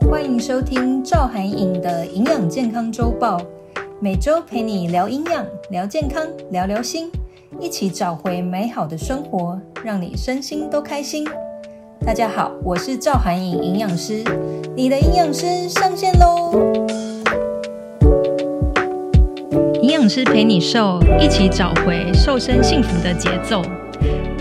歡迎收聽趙函穎的營養健康週報，每周陪你聊營養、聊健康、聊聊心，一起找回美好的生活，讓你身心都開心。大家好，我是趙函穎營，營養師，你的營養師上線嘍！營養師陪你瘦，一起找回瘦身幸福的節奏。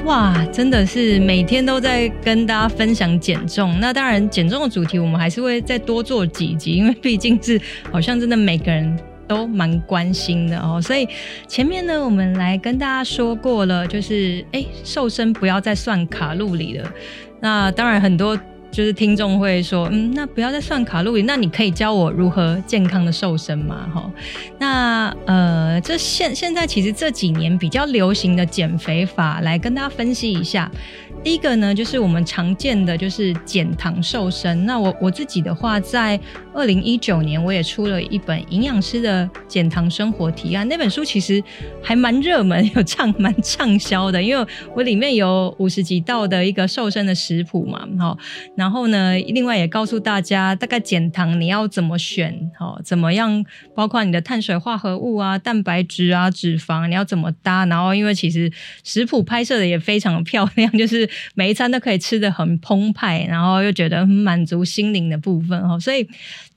哇，真的是每天都在跟大家分享減重。那當然，減重的主題我們還是會再多做幾集，因為畢竟是好像真的每個人都蠻關心的哦、喔。所以前面呢，我們來跟大家說過了，就是哎、欸，瘦身不要再算卡路里了。那當然很多。就是聽眾會說，嗯，那不要再算卡路里，那你可以教我如何健康的瘦身嗎？吼，那呃，這現現在其實這幾年比較流行的減肥法，來跟大家分析一下。第一個呢，就是我們常見的就是減糖瘦身。那我我自己的話，在二零一九年，我也出了一本營養師的減糖生活提案。那本書其實還蠻熱門，有暢蠻暢銷的，因為我裡面有五十幾道的一個瘦身的食譜嘛，然後呢，另外也告訴大家大概減糖你要怎麼選，哦，怎麼樣，包括你的碳水化合物啊、蛋白質啊、脂肪啊，你要怎麼搭。然後，因為其實食譜拍攝的也非常的漂亮，就是。每一餐都可以吃得很澎湃，然後又覺得很滿足心靈的部分哈，所以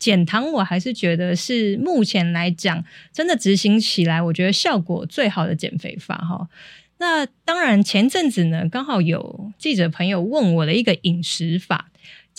減糖我還是覺得是目前來講真的執行起來，我覺得效果最好的減肥法哈。那當然前陣子呢，剛好有記者朋友問我的一個飲食法。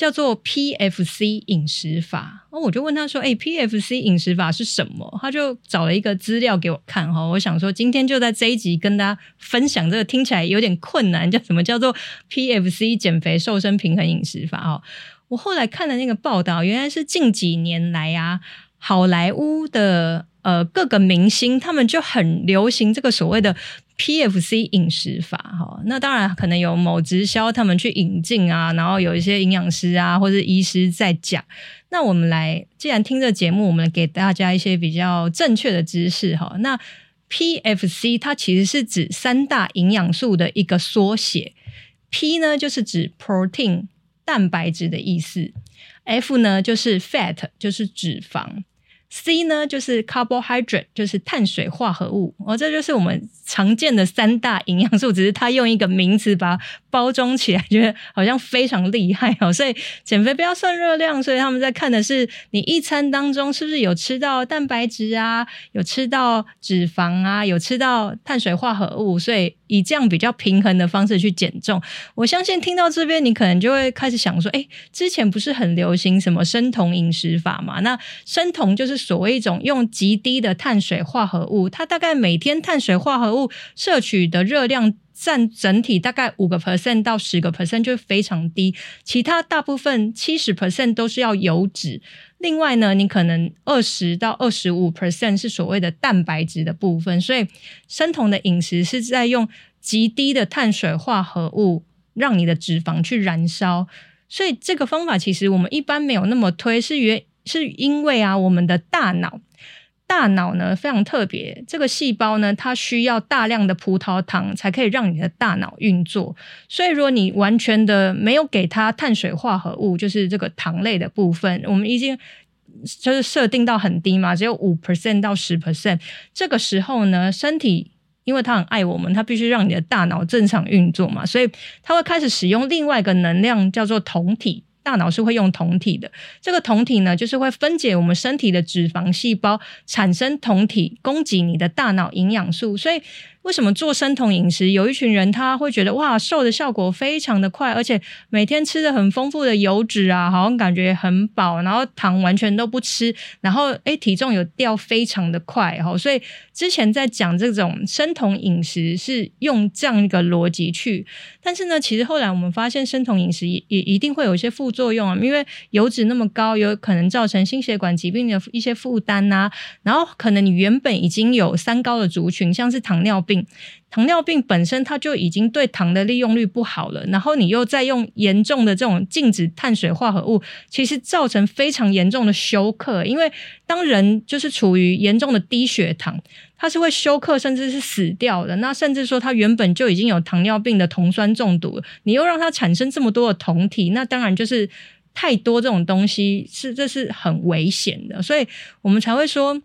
叫做 PFC 飲食法，哦，我就問他說：“哎，PFC 飲食法是什麼？”他就找了一個資料給我看哈。我想說，今天就在這一集跟大家分享這個，聽起來有點困難，叫什麼叫做 PFC 減肥瘦身平衡飲食法？哦，我後來看了那個報道，原來是近幾年來啊，好萊塢的呃各個明星他們就很流行這個所謂的。PFC 飲食法哈，那當然可能有某直銷他們去引進啊，然後有一些營養師啊或者醫師在講。那我們來，既然聽這節目，我們給大家一些比較正確的知識哈。那 PFC 它其實是指三大營養素的一個縮寫，P 呢就是指 protein 蛋白質的意思，F 呢就是 fat 就是脂肪。C 呢，就是 carbohydrate，就是碳水化合物。哦，這就是我們常見的三大營養素，只是它用一個名詞把它包裝起來，覺得好像非常厲害哦。所以減肥不要算熱量，所以他們在看的是你一餐當中是不是有吃到蛋白質啊，有吃到脂肪啊，有吃到碳水化合物，所以，以這樣比較平衡的方式去減重，我相信聽到這邊你可能就會開始想說，誒，之前不是很流行什麼生酮飲食法嘛？那生酮就是所謂一種用極低的碳水化合物，它大概每天碳水化合物攝取的熱量佔整體大概五個 percent 到十個 percent 就非常低，其他大部分七十 percent 都是要油脂。另外呢，你可能二十到二十五 percent 是所謂的蛋白質的部分，所以生酮的飲食是在用極低的碳水化合物，讓你的脂肪去燃燒，所以這個方法其實我們一般沒有那麼推，是原是因為啊，我們的大腦。大腦呢，非常特別，這個細胞呢，它需要大量的葡萄糖才可以讓你的大腦運作。所以如果你完全的沒有給它碳水化合物，就是這個糖類的部分，我們已經就是設定到很低嘛，只有五 percent 到十 percent。這個時候呢，身體因為它很愛我們，它必須讓你的大腦正常運作嘛，所以它會開始使用另外一個能量叫做酮體。大腦是會用酮體的，這個酮體呢，就是會分解我們身體的脂肪細胞，產生酮體，供給你的大腦營養素，所以。為什麼做生酮飲食？有一群人他會覺得哇，瘦的效果非常的快，而且每天吃的很豐富的油脂啊，好像感覺很飽，然後糖完全都不吃，然後哎、欸、體重有掉非常的快哦，所以之前在講這種生酮飲食是用這樣一個邏輯去，但是呢，其實後來我們發現生酮飲食也也一定會有一些副作用啊，因為油脂那麼高，有可能造成心血管疾病的一些負擔吶，然後可能你原本已經有三高的族群，像是糖尿病。病，糖尿病本身它就已經對糖的利用率不好了，然後你又再用嚴重的這種禁止碳水化合物，其實造成非常嚴重的休克。因為當人就是處於嚴重的低血糖，它是會休克，甚至是死掉的。那甚至說他原本就已經有糖尿病的酮酸中毒，你又讓他產生這麼多的酮體，那當然就是太多這種東西，是，這是很危險的，所以我們才會說。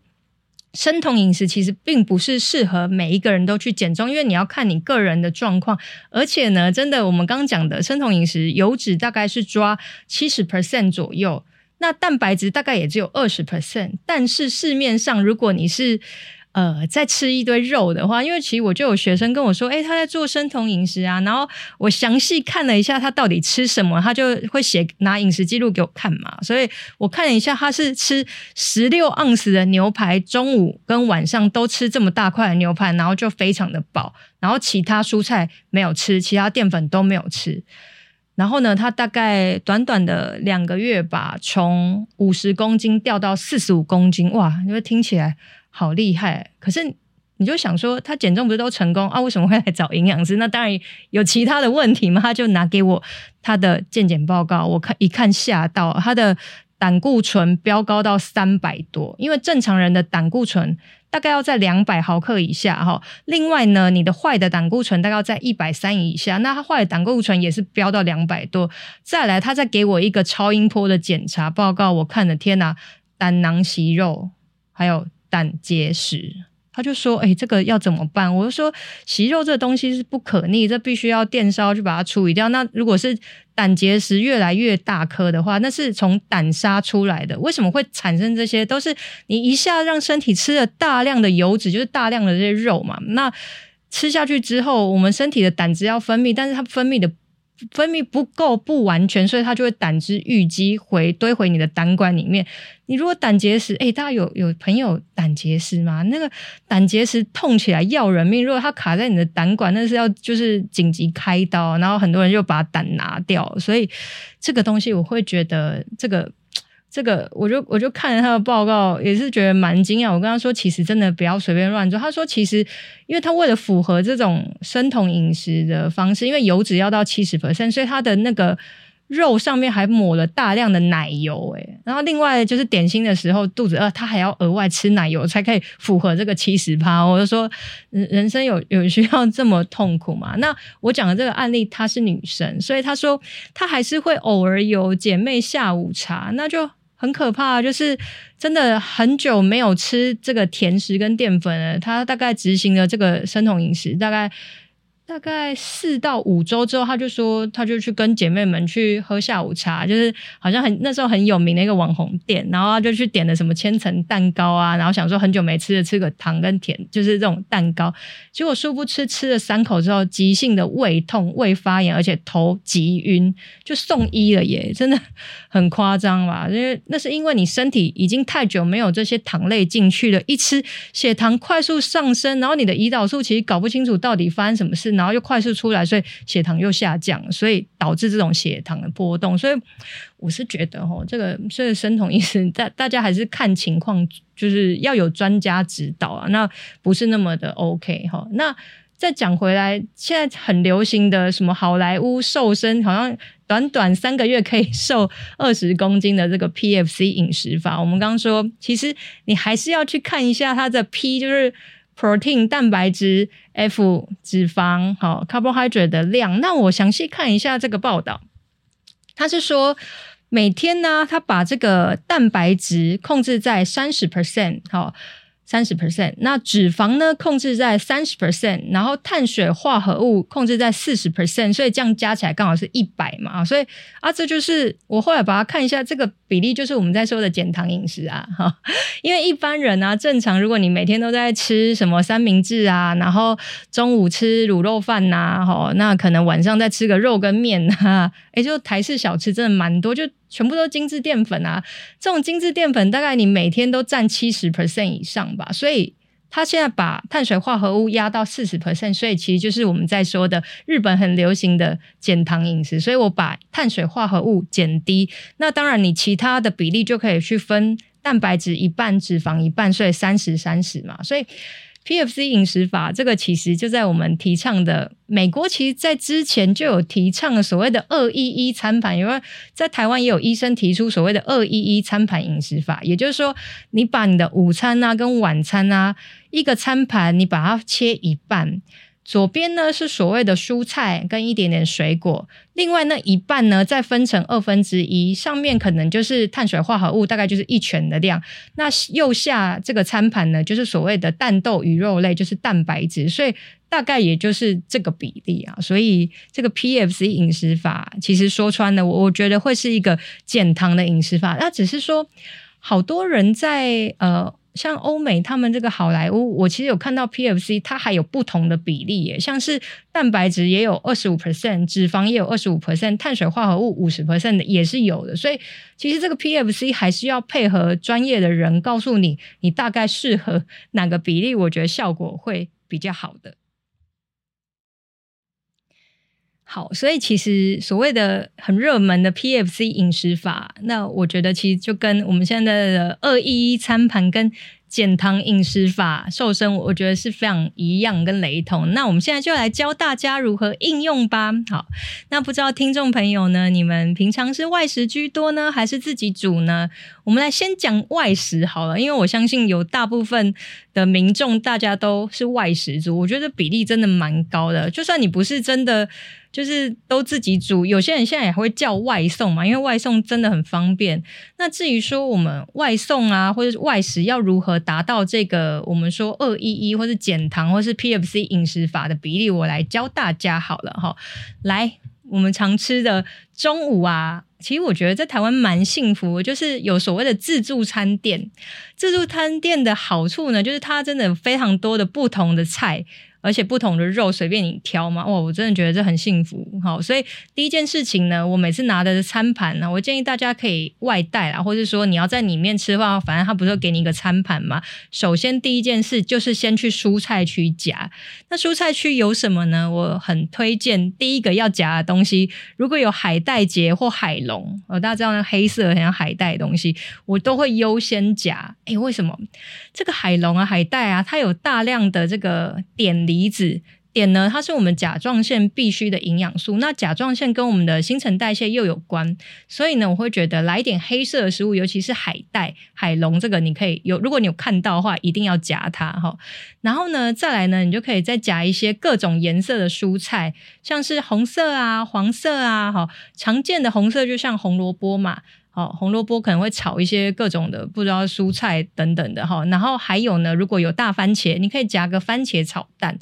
生酮飲食其實並不是適合每一個人都去減重，因為你要看你個人的狀況。而且呢，真的我們剛剛講的生酮飲食，油脂大概是抓七十 percent 左右，那蛋白質大概也只有二十 percent。但是市面上，如果你是呃，再吃一堆肉的話，因為其實我就有學生跟我說，誒、欸，他在做生酮飲食啊。然後我詳細看了一下他到底吃什麼，他就會寫拿飲食記錄給我看嘛。所以我看了一下，他是吃十六盎司的牛排，中午跟晚上都吃這麼大塊的牛排，然後就非常的飽。然後其他蔬菜沒有吃，其他澱粉都沒有吃。然後呢，他大概短短的兩個月吧，從五十公斤掉到四十五公斤，哇！你會聽起來。好厲害！可是你就想說，他減重不是都成功啊？為什麼會來找營養師？那當然有其他的問題嘛。他就拿給我他的健檢報告，我看一看嚇到，他的膽固醇飆高到三百多，因為正常人的膽固醇大概要在兩百毫克以下哈。另外呢，你的壞的膽固醇大概要在一百三以下，那他壞的膽固醇也是飆到兩百多。再來，他再給我一個超音波的檢查報告，我看了天哪，啊，膽囊息肉還有。膽結石，他就說：“哎、欸，這個要怎麼辦？”我就說：“息肉這東西是不可逆，這必須要電燒去把它處理掉。那如果是膽結石越來越大顆的話，那是從膽沙出來的。為什麼會產生這些？都是你一下讓身體吃了大量的油脂，就是大量的這些肉嘛。那吃下去之後，我們身體的膽汁要分泌，但是它分泌的。”分泌不夠不完全，所以它就會膽汁淤積，回堆回你的膽管裡面。你如果膽結石，誒、欸、大家有有朋友膽結石嗎？那個膽結石痛起來要人命。如果它卡在你的膽管，那是要就是緊急開刀，然後很多人就把膽拿掉。所以這個東西，我會覺得這個。這個我就我就看了他的報告，也是覺得蠻驚訝。我跟他說，其實真的不要隨便亂做。他說，其實因為他為了符合這種生酮飲食的方式，因為油脂要到七十 percent，所以他的那個肉上面還抹了大量的奶油。誒。然後另外就是點心的時候肚子餓、啊，他還要額外吃奶油才可以符合這個七十趴。我就說，人人生有有需要這麼痛苦嗎？那我講的這個案例，她是女生，所以她說她還是會偶爾有姐妹下午茶，那就。很可怕，就是真的很久沒有吃這個甜食跟澱粉了。他大概執行了這個生酮飲食，大概。大概四到五周之後，他就說，他就去跟姐妹們去喝下午茶，就是好像很那時候很有名的一個網紅店，然後他就去點了什麼千層蛋糕啊，然後想說很久沒吃的，吃個糖跟甜，就是這種蛋糕。結果殊不知吃，吃了三口之後，急性的胃痛、胃發炎，而且頭急暈，就送醫了耶，真的很誇張吧？因為、就是、那是因為你身體已經太久沒有這些糖類進去了一吃，血糖快速上升，然後你的胰島素其實搞不清楚到底發生什麼事。然後又快速出來，所以血糖又下降，所以導致這種血糖的波動。所以我是覺得吼，這個所以生酮飲食，大大家還是看情況，就是要有專家指導啊。那不是那麼的 OK 哈。那再講回來，現在很流行的什麼好萊塢瘦身，好像短短三個月可以瘦二十公斤的這個 PFC 飲食法，我們剛剛說，其實你還是要去看一下它的 P，就是。protein 蛋白質、F 脂肪、好 carbohydrate 的量，那我詳細看一下這個報道。他是說，每天呢，他把這個蛋白質控制在三十 percent，好。三十 percent，那脂肪呢，控制在三十 percent，然後碳水化合物控制在四十 percent，所以這樣加起來剛好是一百嘛，所以啊，這就是我後來把它看一下，這個比例就是我們在說的減醣飲食啊哈、哦，因為一般人啊正常如果你每天都在吃什麼三明治啊，然後中午吃滷肉飯吶、啊，哈、哦，那可能晚上再吃個肉羹麵啊。哎，就台式小吃真的蠻多就。全部都精緻澱粉啊！這種精緻澱粉大概你每天都占七十 percent 以上吧，所以它現在把碳水化合物壓到四十 percent，所以其實就是我們在說的日本很流行的減糖飲食。所以我把碳水化合物減低，那當然你其他的比例就可以去分蛋白質一半，脂肪一半，所以三十三十嘛，所以。PFC 飲食法，這個其實就在我們提倡的。美國其實，在之前就有提倡所謂的二一一餐盤，因為在台灣也有醫生提出所謂的二一一餐盤飲食法，也就是說，你把你的午餐啊跟晚餐啊一個餐盤，你把它切一半。左邊呢是所謂的蔬菜跟一點點水果，另外那一半呢再分成二分之一，上面可能就是碳水化合物，大概就是一拳的量。那右下這個餐盤呢，就是所謂的蛋豆魚肉類，就是蛋白質，所以大概也就是這個比例啊。所以這個 PFC 飲食法，其實說穿了，我我覺得會是一個減糖的飲食法，那只是說好多人在呃。像歐美他們這個好萊塢，我其實有看到 PFC，它還有不同的比例耶，像是蛋白質也有二十五 percent，脂肪也有二十五 percent，碳水化合物五十 percent 的也是有的。所以其實這個 PFC 還是要配合專業的人告訴你，你大概適合哪個比例，我覺得效果會比較好的。好，所以其實所謂的很熱門的 PFC 飲食法，那我覺得其實就跟我們現在的211餐盤跟減糖飲食法瘦身，我覺得是非常一樣跟雷同。那我們現在就來教大家如何應用吧。好，那不知道聽眾朋友呢，你們平常是外食居多呢，還是自己煮呢？我們來先講外食好了，因為我相信有大部分的民眾大家都是外食族，我覺得比例真的蠻高的。就算你不是真的。就是都自己煮，有些人現在也會叫外送嘛，因為外送真的很方便。那至於說我們外送啊，或者是外食，要如何達到這個我們說二一一，或是減糖，或是 P F C 飲食法的比例，我來教大家好了吼，來，我們常吃的中午啊，其實我覺得在台灣蠻幸福，就是有所謂的自助餐店。自助餐店的好處呢，就是它真的非常多的不同的菜。而且不同的肉隨便你挑嘛，我真的覺得這很幸福。好，所以第一件事情呢，我每次拿的餐盤呢、啊，我建議大家可以外帶啦，或者說你要在裡面吃的話，反正他不是給你一個餐盤嘛。首先第一件事就是先去蔬菜區夾。那蔬菜區有什麼呢？我很推薦第一個要夾的東西，如果有海帶結或海龍，哦，大家知道那黑色很像海帶的東西，我都會優先夾。哎、欸，為什麼？這個海龍啊、海帶啊，它有大量的這個碘。離子碘呢，它是我們甲狀腺必須的營養素。那甲狀腺跟我們的新陳代謝又有關，所以呢，我會覺得來一點黑色的食物，尤其是海帶、海龍，這個你可以有。如果你有看到的話，一定要夾它，吼。然後呢，再來呢，你就可以再夾一些各種顏色的蔬菜，像是紅色啊、黃色啊，吼，常見的紅色就像紅蘿蔔嘛。哦，紅蘿蔔可能會炒一些各種的，不知道蔬菜等等的哈，哦，然後還有呢，如果有大番茄，你可以夾個番茄炒蛋，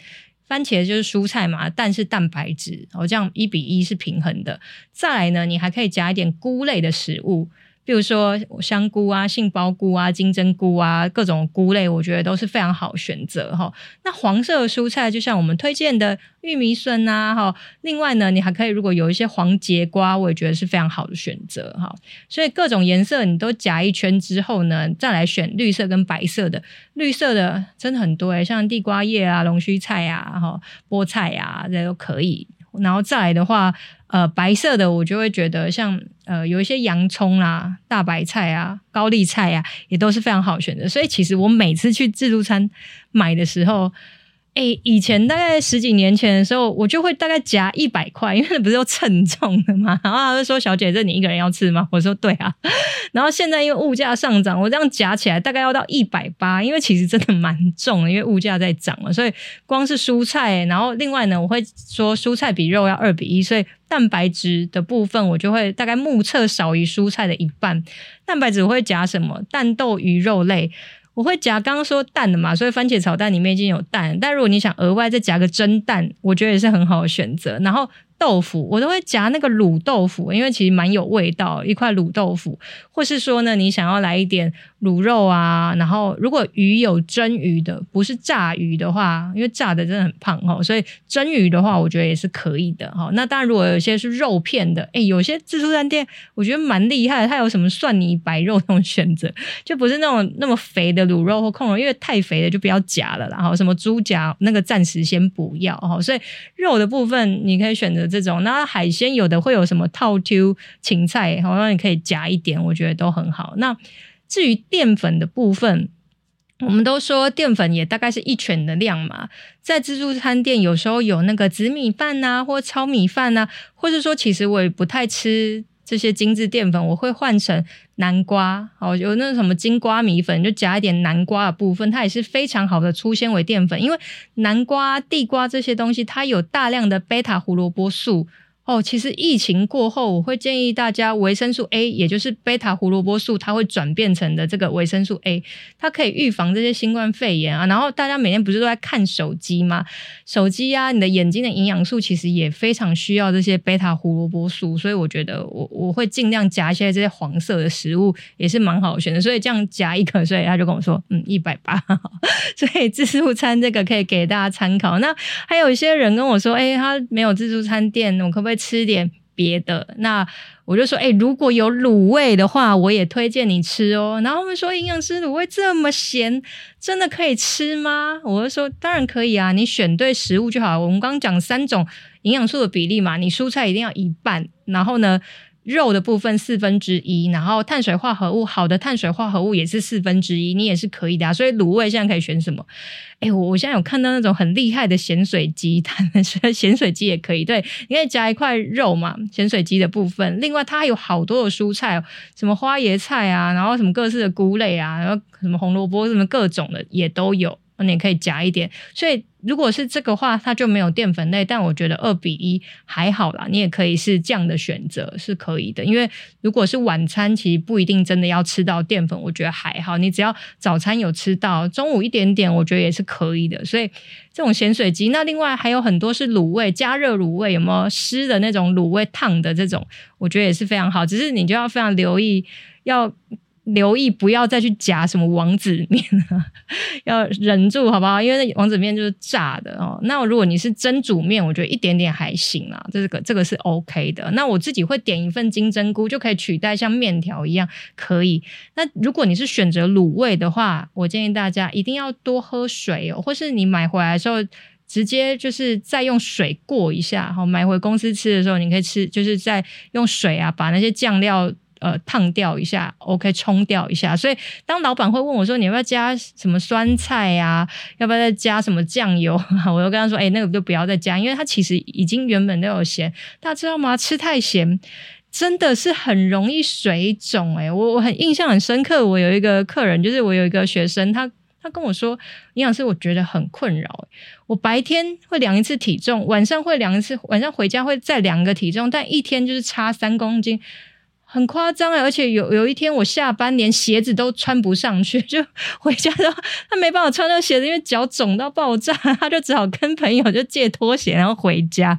番茄就是蔬菜嘛，蛋是蛋白質，哦，這樣一比一是平衡的。再來呢，你還可以夾一點菇類的食物。比如說香菇啊、杏鮑菇啊、金針菇啊，各種菇類，我覺得都是非常好選擇哈、哦。那黃色的蔬菜，就像我們推薦的玉米筍啊，哈、哦。另外呢，你還可以如果有一些黃櫛瓜，我也覺得是非常好的選擇哈、哦。所以各種顏色你都夾一圈之後呢，再來選綠色跟白色的。綠色的真的很多欸，像地瓜葉啊、龍鬚菜啊、哈、哦、菠菜啊這都可以。然後再來的話。呃，白色的我就會覺得像呃，有一些洋蔥啦、啊、大白菜啊、高麗菜啊，也都是非常好選擇。所以其實我每次去自助餐買的時候。哎、欸，以前大概十幾年前的時候，我就會大概夾一百塊，因為那不是要稱重的嘛。然後他就說，小姐，這你一個人要吃嗎？我說對啊。然後現在因為物價上漲，我這樣夾起來大概要到一百八，因為其實真的蠻重的，因為物價在漲了。所以光是蔬菜，然後另外呢，我會說蔬菜比肉要二比一，所以蛋白質的部分我就會大概目測少於蔬菜的一半。蛋白質我會夾什麼？蛋、豆、魚、肉類。我會夾剛剛說蛋的嘛，所以番茄炒蛋裡面已經有蛋了，但如果你想額外再夾個蒸蛋，我覺得也是很好的選擇。然後。豆腐我都會夾那個滷豆腐，因為其實蠻有味道。一塊滷豆腐，或是說呢，你想要來一點滷肉啊。然後，如果魚有蒸魚的，不是炸魚的話，因為炸的真的很胖哦，所以蒸魚的話，我覺得也是可以的。那當然，如果有些是肉片的，哎，有些自助餐店我覺得蠻厲害的，它有什麼蒜泥白肉那種選擇，就不是那種那麼肥的滷肉或控肉，因為太肥的就不要夾了。然後，什麼豬夾那個暫時先不要。所以肉的部分你可以選擇。這種那海鮮有的會有什麼套 two 芹菜，然後你可以夾一點，我覺得都很好。那至於澱粉的部分，我們都說澱粉也大概是一拳的量嘛。在自助餐店有時候有那個紫米飯吶、啊，或糙米飯吶、啊，或者說其實我也不太吃。這些精緻澱粉，我會換成南瓜。有那什麼金瓜米粉，就加一點南瓜的部分，它也是非常好的粗纖維澱粉，因為南瓜、地瓜這些東西，它有大量的貝塔胡蘿蔔素。哦，其實疫情過後，我會建議大家維生素 A，也就是貝塔胡蘿蔔素，它會轉變成的這個維生素 A，它可以預防這些新冠肺炎啊。然後大家每天不是都在看手機嗎？手機啊，你的眼睛的營養素其實也非常需要這些貝塔胡蘿蔔素，所以我覺得我我會盡量夾一些這些黃色的食物，也是蠻好選的。所以這樣夾一顆，所以他就跟我說，嗯，一百八。所以自助餐這個可以給大家參考。那還有一些人跟我說，哎，他沒有自助餐店，我可不可以？吃點別的，那我就說，哎，如果有滷味的話，我也推薦你吃哦。然後他們說，營養師滷味這麼鹹，真的可以吃嗎？我就說，當然可以啊，你選對食物就好了。我們剛剛講三種營養素的比例嘛，你蔬菜一定要一半，然後呢，肉的部分四分之一，然後碳水化合物，好的碳水化合物也是四分之一，你也是可以的啊。所以滷味現在可以選什麼？哎，我我現在有看到那種很厲害的鹹水雞，它們鹹水雞也可以，對，你可以加一塊肉嘛，鹹水雞的部分。另外它還有好多的蔬菜哦，什麼花椰菜啊，然後什麼各式的菇類啊，然後什麼紅蘿蔔，什麼各種的也都有。你也可以夾一點，所以如果是這個話，它就沒有澱粉類。但我覺得二比一還好啦，你也可以是這樣的選擇是可以的。因為如果是晚餐，其實不一定真的要吃到澱粉，我覺得還好。你只要早餐有吃到，中午一點點，我覺得也是可以的。所以這種鹹水雞，那另外還有很多是滷味，加熱滷味，有沒有濕的那種滷味燙的這種？我覺得也是非常好，只是你就要非常留意要。留意不要再去夾什麼王子麵、啊， 要忍住好不好？因為那王子麵就是炸的哦、喔。那如果你是蒸煮麵，我覺得一點點還行啦。這個這個是 OK 的。那我自己會點一份金針菇，就可以取代像麵條一樣可以。那如果你是選擇滷味的話，我建議大家一定要多喝水哦、喔，或是你買回來的時候直接就是再用水過一下好、喔，買回公司吃的時候，你可以吃，就是再用水啊把那些醬料。呃，燙掉一下，OK，沖掉一下。所以，當老闆會問我說：“你要不要加什麼酸菜呀、啊？要不要再加什麼醬油、啊？”我就跟他說：“哎、欸，那個就不要再加，因為它其實已經原本都有鹹。”大家知道嗎？吃太鹹真的是很容易水腫、欸。哎，我我很印象很深刻。我有一個客人，就是我有一個學生，他他跟我說，營養師我覺得很困擾、欸。我白天會量一次體重，晚上會量一次，晚上回家會再量個體重，但一天就是差三公斤。很誇張啊！而且有有一天我下班連鞋子都穿不上去，就回家的時候，他沒辦法穿那個鞋子，因為腳腫到爆炸，他就只好跟朋友就借拖鞋然後回家。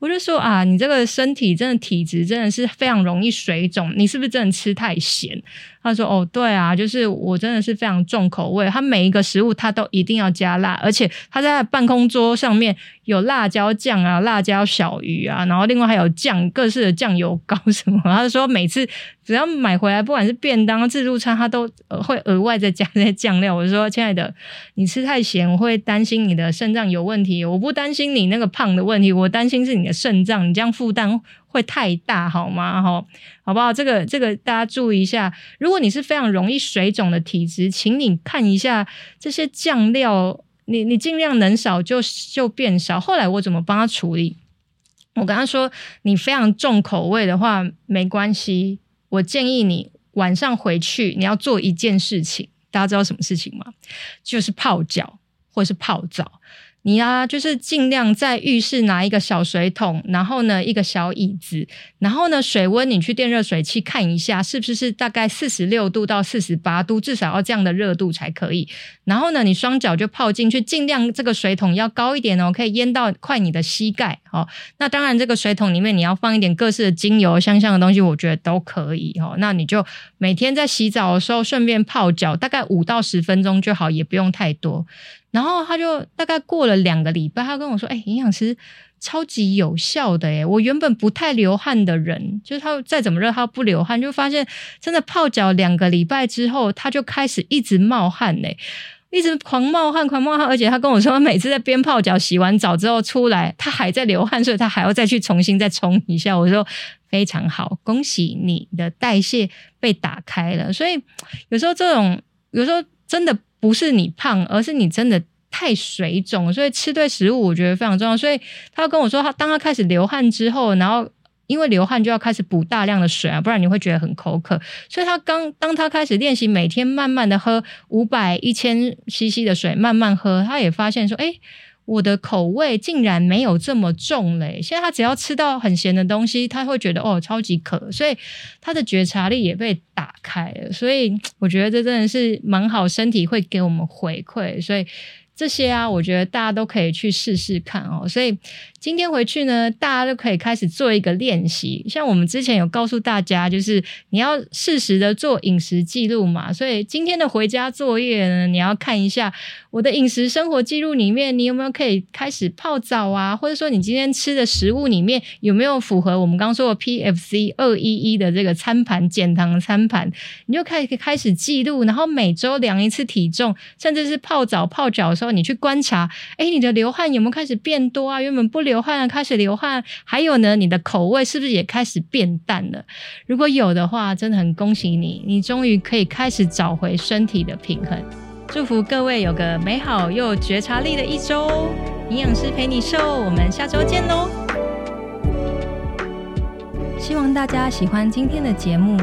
我就說啊，你這個身體真的體質真的是非常容易水腫，你是不是真的吃太鹹？他說：“哦，對啊，就是我真的是非常重口味，他每一個食物他都一定要加辣，而且他在辦公桌上面有辣椒醬啊、辣椒小魚啊，然後另外還有醬各式的醬油膏什麼。他說每次只要買回來，不管是便當、自助餐，他都會額外再加那些醬料。我說：親愛的，你吃太鹹，我會擔心你的腎臟有問題。我不擔心你那個胖的問題，我擔心是你的腎臟，你這樣負擔。”會太大好嗎？好不好？這個這個，大家注意一下。如果你是非常容易水腫的體質，請你看一下這些醬料，你你儘量能少就就變少。後來我怎麼幫他處理？我跟他說，你非常重口味的話沒關係。我建議你晚上回去你要做一件事情，大家知道什麼事情嗎？就是泡腳或是泡澡。你啊，就是盡量在浴室拿一個小水桶，然後呢，一個小椅子，然後呢，水溫你去電熱水器看一下，是不是是大概四十六度到四十八度？至少要這樣的熱度才可以。然後呢，你雙腳就泡進去，盡量這個水桶要高一點哦，可以淹到快你的膝蓋。哦。那當然這個水桶裡面你要放一點各式的精油、香香的東西，我覺得都可以。哦，那你就每天在洗澡的時候順便泡腳，大概五到十分鐘就好，也不用太多。然後他就大概過了兩個禮拜，他跟我說：“哎，營養師超級有效的誒，我原本不太流汗的人，就是他再怎麼熱，他不流汗，就發現真的泡腳兩個禮拜之後，他就開始一直冒汗誒，一直狂冒汗，狂冒汗。而且他跟我說，每次在邊泡腳、洗完澡之後出來，他還在流汗，所以他還要再去重新再沖一下。我說非常好，恭喜你的代謝被打開了。所以有時候這種，有時候真的。”不是你胖，而是你真的太水腫，所以吃對食物我覺得非常重要。所以他跟我說，他當他開始流汗之後，然後因為流汗就要開始補大量的水啊，不然你會覺得很口渴。所以他剛當他開始練習每天慢慢的喝五百一千 CC 的水，慢慢喝，他也發現說，哎、欸。我的口味竟然沒有這麼重嘞。現在他只要吃到很鹹的東西，他會覺得哦，超級渴，所以他的覺察力也被打開了，所以我覺得這真的是蠻好，身體會給我們回饋，所以。這些啊，我覺得大家都可以去試試看哦、喔。所以今天回去呢，大家就可以開始做一個練習。像我們之前有告訴大家，就是你要適時的做飲食記錄嘛。所以今天的回家作業呢，你要看一下我的飲食生活記錄裡面，你有沒有可以開始泡澡啊，或者說你今天吃的食物裡面有沒有符合我們剛說的 PFC 二一一的這個餐盤減糖餐盤，你就可以開始記錄，然後每週量一次體重，甚至是泡澡泡腳的時候。你去觀察，哎，你的流汗有沒有開始變多啊？原本不流汗，開始流汗。還有呢，你的口味是不是也開始變淡了？如果有的話，真的很恭喜你，你終於可以開始找回身體的平衡。祝福各位有個美好又有覺察力的一周，營養師陪你瘦，我們下周見嘍！希望大家喜歡今天的節目。